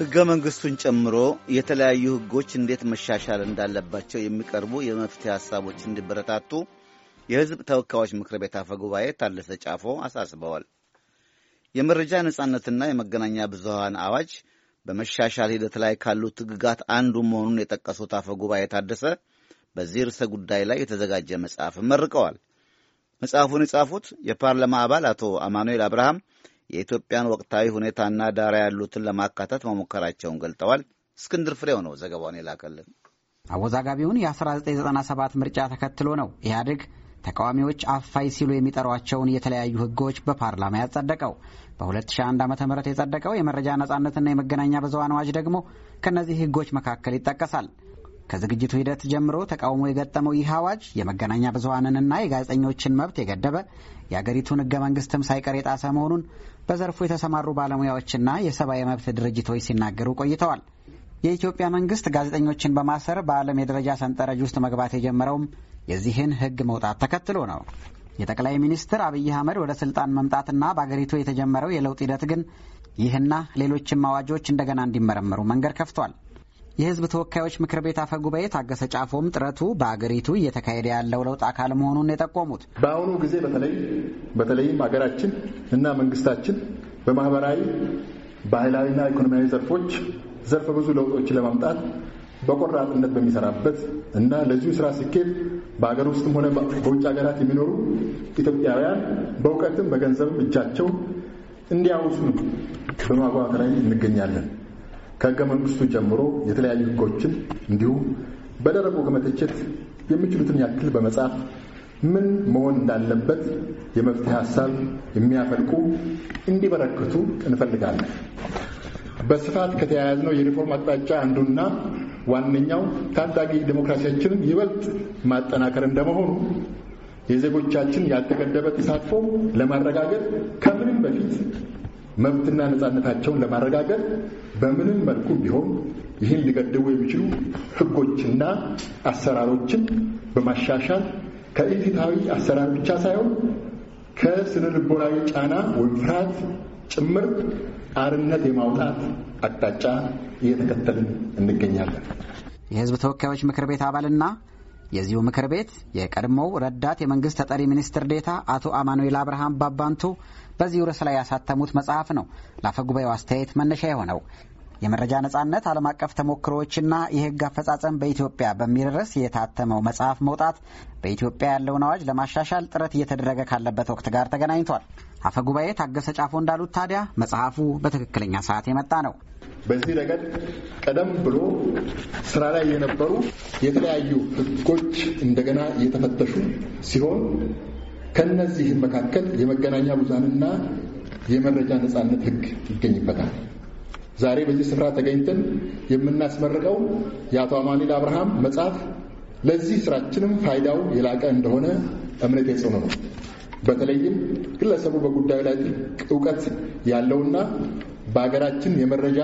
ህገ መንግስቱን ጨምሮ የተለያዩ ህጎች እንዴት መሻሻል እንዳለባቸው የሚቀርቡ የመፍትሄ ሀሳቦች እንዲበረታቱ የህዝብ ተወካዮች ምክር ቤት አፈ ጉባኤ ታደሰ ጫፎ አሳስበዋል። የመረጃ ነጻነትና የመገናኛ ብዙሃን አዋጅ በመሻሻል ሂደት ላይ ካሉት ህግጋት አንዱ መሆኑን የጠቀሱት አፈ ጉባኤ ታደሰ በዚህ ርዕሰ ጉዳይ ላይ የተዘጋጀ መጽሐፍ መርቀዋል። መጽሐፉን የጻፉት የፓርላማ አባል አቶ አማኑኤል አብርሃም የኢትዮጵያን ወቅታዊ ሁኔታና ዳራ ያሉትን ለማካተት መሞከራቸውን ገልጠዋል። እስክንድር ፍሬው ነው ዘገባውን የላከልን። አወዛጋቢውን የ1997 ምርጫ ተከትሎ ነው ኢህአዴግ ተቃዋሚዎች አፋይ ሲሉ የሚጠሯቸውን የተለያዩ ህጎች በፓርላማ ያጸደቀው። በ2001 ዓ ም የጸደቀው የመረጃ ነጻነትና የመገናኛ ብዙሃን አዋጅ ደግሞ ከእነዚህ ህጎች መካከል ይጠቀሳል። ከዝግጅቱ ሂደት ጀምሮ ተቃውሞ የገጠመው ይህ አዋጅ የመገናኛ ብዙሀንንና የጋዜጠኞችን መብት የገደበ የአገሪቱን ህገ መንግስትም ሳይቀር የጣሰ መሆኑን በዘርፉ የተሰማሩ ባለሙያዎችና የሰብአዊ መብት ድርጅቶች ሲናገሩ ቆይተዋል። የኢትዮጵያ መንግስት ጋዜጠኞችን በማሰር በዓለም የደረጃ ሰንጠረዥ ውስጥ መግባት የጀመረውም የዚህን ህግ መውጣት ተከትሎ ነው። የጠቅላይ ሚኒስትር አብይ አህመድ ወደ ስልጣን መምጣትና በአገሪቱ የተጀመረው የለውጥ ሂደት ግን ይህና ሌሎችም አዋጆች እንደገና እንዲመረመሩ መንገድ ከፍቷል። የህዝብ ተወካዮች ምክር ቤት አፈ ጉባኤ ታገሰ ጫፎም ጥረቱ በአገሪቱ እየተካሄደ ያለው ለውጥ አካል መሆኑን የጠቆሙት በአሁኑ ጊዜ በተለይ በተለይም አገራችን እና መንግስታችን በማህበራዊ ባህላዊና ኢኮኖሚያዊ ዘርፎች ዘርፈ ብዙ ለውጦችን ለማምጣት በቆራጥነት በሚሰራበት እና ለዚሁ ስራ ስኬት በሀገር ውስጥም ሆነ በውጭ ሀገራት የሚኖሩ ኢትዮጵያውያን በእውቀትም በገንዘብም እጃቸው እንዲያውሱ በማጓት ላይ እንገኛለን። ከህገ መንግስቱ ጀምሮ የተለያዩ ህጎችን እንዲሁም በደረቁ ከመተቸት የሚችሉትን ያክል በመጻፍ ምን መሆን እንዳለበት የመፍትሄ ሀሳብ የሚያፈልቁ እንዲበረክቱ እንፈልጋለን። በስፋት ከተያያዝነው የሪፎርም አቅጣጫ አንዱና ዋነኛው ታዳጊ ዴሞክራሲያችንን ይበልጥ ማጠናከር እንደመሆኑ የዜጎቻችን ያልተገደበ ተሳትፎ ለማረጋገጥ ከምንም በፊት መብትና ነፃነታቸውን ለማረጋገጥ በምንም መልኩ ቢሆን ይህን ሊገድቡ የሚችሉ ህጎችና አሰራሮችን በማሻሻል ከኢፍትሐዊ አሰራር ብቻ ሳይሆን ከስነ ልቦናዊ ጫና ወይም ፍርሃት ጭምር አርነት የማውጣት አቅጣጫ እየተከተልን እንገኛለን። የህዝብ ተወካዮች ምክር ቤት አባልና የዚሁ ምክር ቤት የቀድሞው ረዳት የመንግስት ተጠሪ ሚኒስትር ዴታ አቶ አማኑኤል አብርሃም ባባንቱ በዚህ ርዕስ ላይ ያሳተሙት መጽሐፍ ነው ለአፈጉባኤው ጉባኤው አስተያየት መነሻ የሆነው። የመረጃ ነጻነት ዓለም አቀፍ ተሞክሮዎችና የሕግ አፈጻጸም በኢትዮጵያ በሚል ርዕስ የታተመው መጽሐፍ መውጣት በኢትዮጵያ ያለውን አዋጅ ለማሻሻል ጥረት እየተደረገ ካለበት ወቅት ጋር ተገናኝቷል። አፈ ጉባኤ ታገሰ ጫፎ እንዳሉት ታዲያ መጽሐፉ በትክክለኛ ሰዓት የመጣ ነው። በዚህ ረገድ ቀደም ብሎ ስራ ላይ የነበሩ የተለያዩ ሕጎች እንደገና እየተፈተሹ ሲሆን ከነዚህ መካከል የመገናኛ ብዙሃንና የመረጃ ነፃነት ህግ ይገኝበታል። ዛሬ በዚህ ስፍራ ተገኝተን የምናስመርቀው የአቶ አማኒል አብርሃም መጽሐፍ ለዚህ ስራችንም ፋይዳው የላቀ እንደሆነ እምነት የጽኑ ነው። በተለይም ግለሰቡ በጉዳዩ ላይ ጥልቅ እውቀት ያለውና በሀገራችን የመረጃ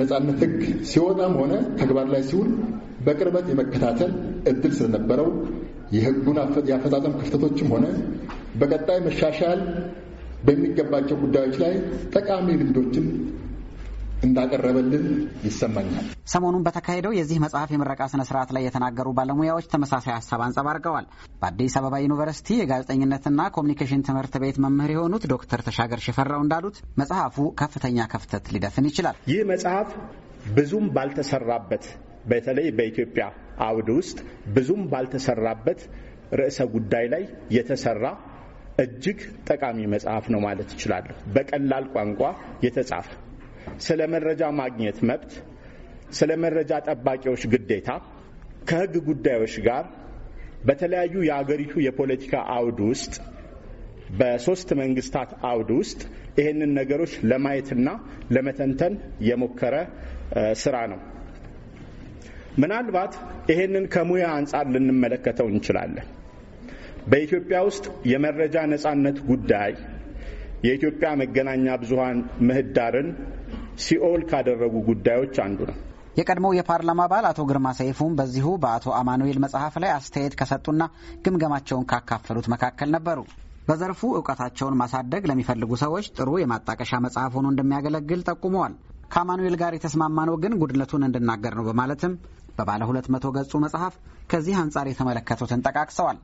ነፃነት ህግ ሲወጣም ሆነ ተግባር ላይ ሲውል በቅርበት የመከታተል እድል ስለነበረው የህጉን የአፈጻጸም ክፍተቶችም ሆነ በቀጣይ መሻሻል በሚገባቸው ጉዳዮች ላይ ጠቃሚ ልምዶችን እንዳቀረበልን ይሰማኛል። ሰሞኑን በተካሄደው የዚህ መጽሐፍ የምረቃ ስነ ስርዓት ላይ የተናገሩ ባለሙያዎች ተመሳሳይ ሀሳብ አንጸባርቀዋል። በአዲስ አበባ ዩኒቨርሲቲ የጋዜጠኝነትና ኮሚኒኬሽን ትምህርት ቤት መምህር የሆኑት ዶክተር ተሻገር ሽፈራው እንዳሉት መጽሐፉ ከፍተኛ ክፍተት ሊደፍን ይችላል። ይህ መጽሐፍ ብዙም ባልተሰራበት በተለይ በኢትዮጵያ አውድ ውስጥ ብዙም ባልተሰራበት ርዕሰ ጉዳይ ላይ የተሰራ እጅግ ጠቃሚ መጽሐፍ ነው ማለት እችላለሁ። በቀላል ቋንቋ የተጻፈ ስለ መረጃ ማግኘት መብት፣ ስለ መረጃ ጠባቂዎች ግዴታ፣ ከህግ ጉዳዮች ጋር በተለያዩ የአገሪቱ የፖለቲካ አውድ ውስጥ በሶስት መንግስታት አውድ ውስጥ ይህንን ነገሮች ለማየትና ለመተንተን የሞከረ ስራ ነው። ምናልባት ይሄንን ከሙያ አንጻር ልንመለከተው እንችላለን። በኢትዮጵያ ውስጥ የመረጃ ነጻነት ጉዳይ የኢትዮጵያ መገናኛ ብዙሃን ምህዳርን ሲኦል ካደረጉ ጉዳዮች አንዱ ነው። የቀድሞው የፓርላማ አባል አቶ ግርማ ሰይፉም በዚሁ በአቶ አማኑኤል መጽሐፍ ላይ አስተያየት ከሰጡና ግምገማቸውን ካካፈሉት መካከል ነበሩ። በዘርፉ እውቀታቸውን ማሳደግ ለሚፈልጉ ሰዎች ጥሩ የማጣቀሻ መጽሐፍ ሆኖ እንደሚያገለግል ጠቁመዋል። ከአማኑኤል ጋር የተስማማ ነው ግን ጉድለቱን እንድናገር ነው በማለትም በባለ ሁለት መቶ ገጹ መጽሐፍ ከዚህ አንጻር የተመለከቱትን ጠቃቅሰዋል።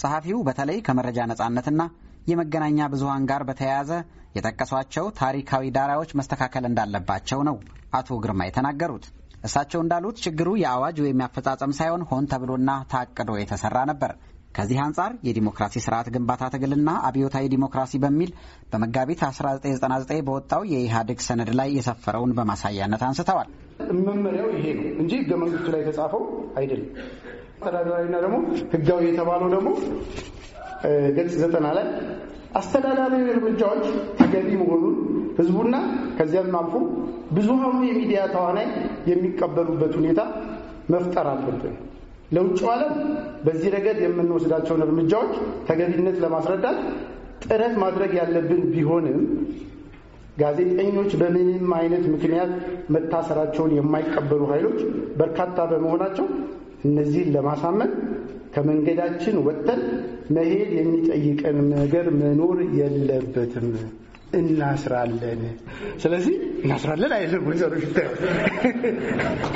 ጸሐፊው በተለይ ከመረጃ ነጻነትና የመገናኛ ብዙሃን ጋር በተያያዘ የጠቀሷቸው ታሪካዊ ዳራዎች መስተካከል እንዳለባቸው ነው አቶ ግርማ የተናገሩት። እሳቸው እንዳሉት ችግሩ የአዋጅ ወይም ያፈጻጸም ሳይሆን ሆን ተብሎና ታቅዶ የተሰራ ነበር። ከዚህ አንጻር የዲሞክራሲ ስርዓት ግንባታ ትግልና አብዮታዊ ዲሞክራሲ በሚል በመጋቢት 1999 በወጣው የኢህአዴግ ሰነድ ላይ የሰፈረውን በማሳያነት አንስተዋል። መመሪያው ይሄ ነው እንጂ ህገ መንግስቱ ላይ የተጻፈው አይደለም። አስተዳደራዊና ደግሞ ህጋዊ የተባለው ደግሞ ገጽ ዘጠና ላይ አስተዳዳሪ እርምጃዎች ተገቢ መሆኑን ህዝቡና ከዚያም አልፎ ብዙሃኑ የሚዲያ ተዋናይ የሚቀበሉበት ሁኔታ መፍጠር አለብን። ለውጭ ዓለም በዚህ ረገድ የምንወስዳቸውን እርምጃዎች ተገቢነት ለማስረዳት ጥረት ማድረግ ያለብን ቢሆንም ጋዜጠኞች በምንም አይነት ምክንያት መታሰራቸውን የማይቀበሉ ኃይሎች በርካታ በመሆናቸው እነዚህን ለማሳመን ከመንገዳችን ወጥተን መሄድ የሚጠይቀን ነገር መኖር የለበትም። እናስራለን። ስለዚህ እናስራለን አይልም ወይዘሮ ሽታ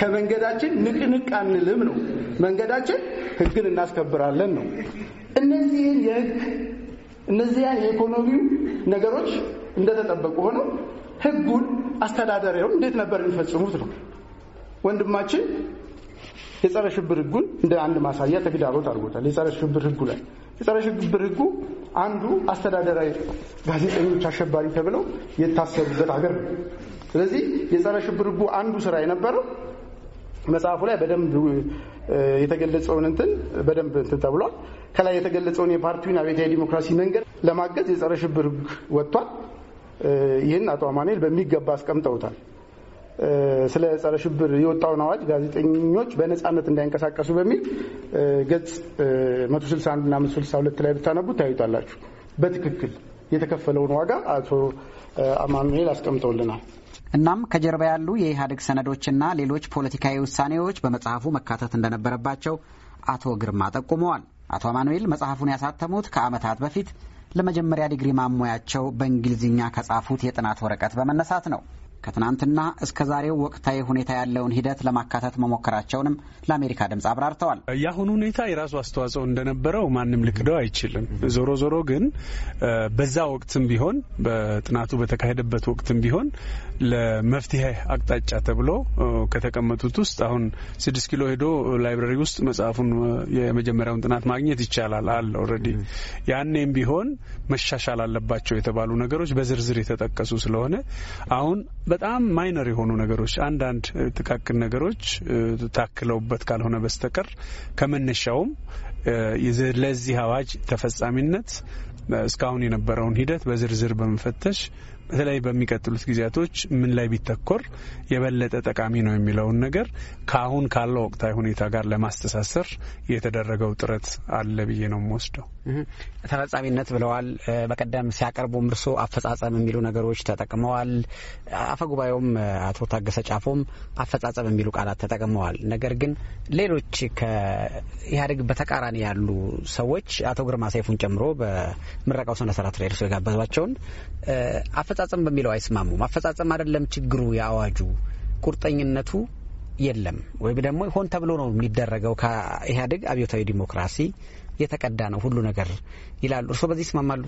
ከመንገዳችን ንቅንቅ አንልም ነው መንገዳችን ህግን እናስከብራለን ነው። እነዚህን የህግ እነዚያን የኢኮኖሚው ነገሮች እንደተጠበቁ ሆነው ህጉን አስተዳደሪያውን እንዴት ነበር የሚፈጽሙት ነው። ወንድማችን የጸረ ሽብር ህጉን እንደ አንድ ማሳያ ተግዳሮት አድርጎታል። የጸረ ሽብር ህጉ ላይ የጸረ ሽብር ህጉ አንዱ አስተዳደራዊ ጋዜጠኞች አሸባሪ ተብለው የታሰሩበት ሀገር ነው። ስለዚህ የጸረ ሽብር ህጉ አንዱ ስራ የነበረው መጽሐፉ ላይ በደንብ የተገለጸውን እንትን በደንብ እንትን ተብሏል። ከላይ የተገለጸውን የፓርቲውን አቤታዊ ዲሞክራሲ መንገድ ለማገዝ የጸረ ሽብር ህግ ወጥቷል። ይህን አቶ አማኑኤል በሚገባ አስቀምጠውታል። ስለ ጸረ ሽብር የወጣውን አዋጅ ጋዜጠኞች በነፃነት እንዳይንቀሳቀሱ በሚል ገጽ 161 እና 162 ላይ ብታነቡ ታዩታላችሁ። በትክክል የተከፈለውን ዋጋ አቶ አማኑኤል አስቀምጠውልናል። እናም ከጀርባ ያሉ የኢህአዴግ ሰነዶችና ሌሎች ፖለቲካዊ ውሳኔዎች በመጽሐፉ መካተት እንደነበረባቸው አቶ ግርማ ጠቁመዋል። አቶ አማኑኤል መጽሐፉን ያሳተሙት ከዓመታት በፊት ለመጀመሪያ ዲግሪ ማሞያቸው በእንግሊዝኛ ከጻፉት የጥናት ወረቀት በመነሳት ነው። ከትናንትና እስከ ዛሬው ወቅታዊ ሁኔታ ያለውን ሂደት ለማካተት መሞከራቸውንም ለአሜሪካ ድምፅ አብራርተዋል። የአሁኑ ሁኔታ የራሱ አስተዋጽኦ እንደነበረው ማንም ልክደው አይችልም። ዞሮ ዞሮ ግን በዛ ወቅትም ቢሆን በጥናቱ በተካሄደበት ወቅትም ቢሆን ለመፍትሄ አቅጣጫ ተብሎ ከተቀመጡት ውስጥ አሁን ስድስት ኪሎ ሄዶ ላይብረሪ ውስጥ መጽሐፉን የመጀመሪያውን ጥናት ማግኘት ይቻላል አለ ኦልሬዲ። ያኔም ቢሆን መሻሻል አለባቸው የተባሉ ነገሮች በዝርዝር የተጠቀሱ ስለሆነ አሁን በጣም ማይነር የሆኑ ነገሮች አንዳንድ ጥቃቅን ነገሮች ታክለውበት ካልሆነ በስተቀር ከመነሻውም ለዚህ አዋጅ ተፈጻሚነት እስካሁን የነበረውን ሂደት በዝርዝር በመፈተሽ በተለይ በሚቀጥሉት ጊዜያቶች ምን ላይ ቢተኮር የበለጠ ጠቃሚ ነው የሚለውን ነገር ከአሁን ካለው ወቅታዊ ሁኔታ ጋር ለማስተሳሰር የተደረገው ጥረት አለ ብዬ ነው የምወስደው። ተፈጻሚነት ብለዋል። በቀደም ሲያቀርቡም እርሶ አፈጻጸም የሚሉ ነገሮች ተጠቅመዋል። አፈ ጉባኤውም አቶ ታገሰ ጫፎም አፈጻጸም የሚሉ ቃላት ተጠቅመዋል። ነገር ግን ሌሎች ከኢህአዴግ በተቃራኒ ያሉ ሰዎች አቶ ግርማ ሰይፉን ጨምሮ በምረቃው ስነስርዓት ላይ እርሶ የጋበዟቸውን አፈጻጸም በሚለው አይስማሙም። አፈጻጸም አይደለም ችግሩ፣ የአዋጁ ቁርጠኝነቱ የለም ወይም ደግሞ ሆን ተብሎ ነው የሚደረገው ከኢህአዴግ አብዮታዊ ዲሞክራሲ የተቀዳ ነው ሁሉ ነገር ይላሉ። እርስዎ በዚህ ይስማማሉ?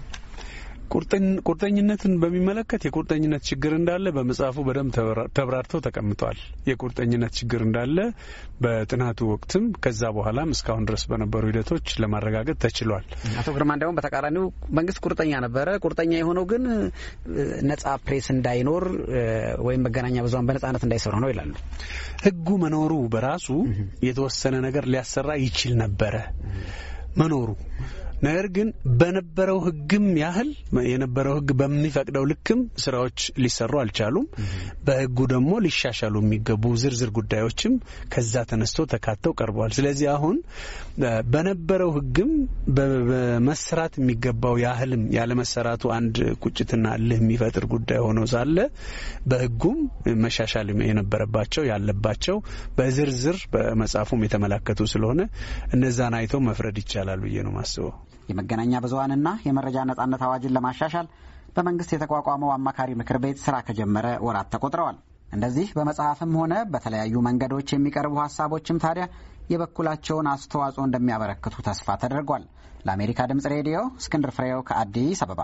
ቁርጠኝነትን በሚመለከት የቁርጠኝነት ችግር እንዳለ በመጽሐፉ በደንብ ተብራርቶ ተቀምጧል። የቁርጠኝነት ችግር እንዳለ በጥናቱ ወቅትም ከዛ በኋላም እስካሁን ድረስ በነበሩ ሂደቶች ለማረጋገጥ ተችሏል። አቶ ግርማ እንዲያውም በተቃራኒው መንግስት ቁርጠኛ ነበረ። ቁርጠኛ የሆነው ግን ነጻ ፕሬስ እንዳይኖር ወይም መገናኛ ብዙን በነጻነት እንዳይሰሩ ነው ይላሉ። ህጉ መኖሩ በራሱ የተወሰነ ነገር ሊያሰራ ይችል ነበረ መኖሩ ነገር ግን በነበረው ህግም ያህል የነበረው ህግ በሚፈቅደው ልክም ስራዎች ሊሰሩ አልቻሉም። በህጉ ደግሞ ሊሻሻሉ የሚገቡ ዝርዝር ጉዳዮችም ከዛ ተነስቶ ተካተው ቀርበዋል። ስለዚህ አሁን በነበረው ህግም በመሰራት የሚገባው ያህልም ያለመሰራቱ አንድ ቁጭትና እልህ የሚፈጥር ጉዳይ ሆኖ ሳለ በህጉም መሻሻል የነበረባቸው ያለባቸው በዝርዝር በመጽሐፉም የተመላከቱ ስለሆነ እነዛን አይተው መፍረድ ይቻላል ብዬ ነው ማስበው። የመገናኛ ብዙሀንና የመረጃ ነጻነት አዋጅን ለማሻሻል በመንግስት የተቋቋመው አማካሪ ምክር ቤት ስራ ከጀመረ ወራት ተቆጥረዋል። እንደዚህ በመጽሐፍም ሆነ በተለያዩ መንገዶች የሚቀርቡ ሀሳቦችም ታዲያ የበኩላቸውን አስተዋጽኦ እንደሚያበረክቱ ተስፋ ተደርጓል። ለአሜሪካ ድምጽ ሬዲዮ እስክንድር ፍሬው ከአዲስ አበባ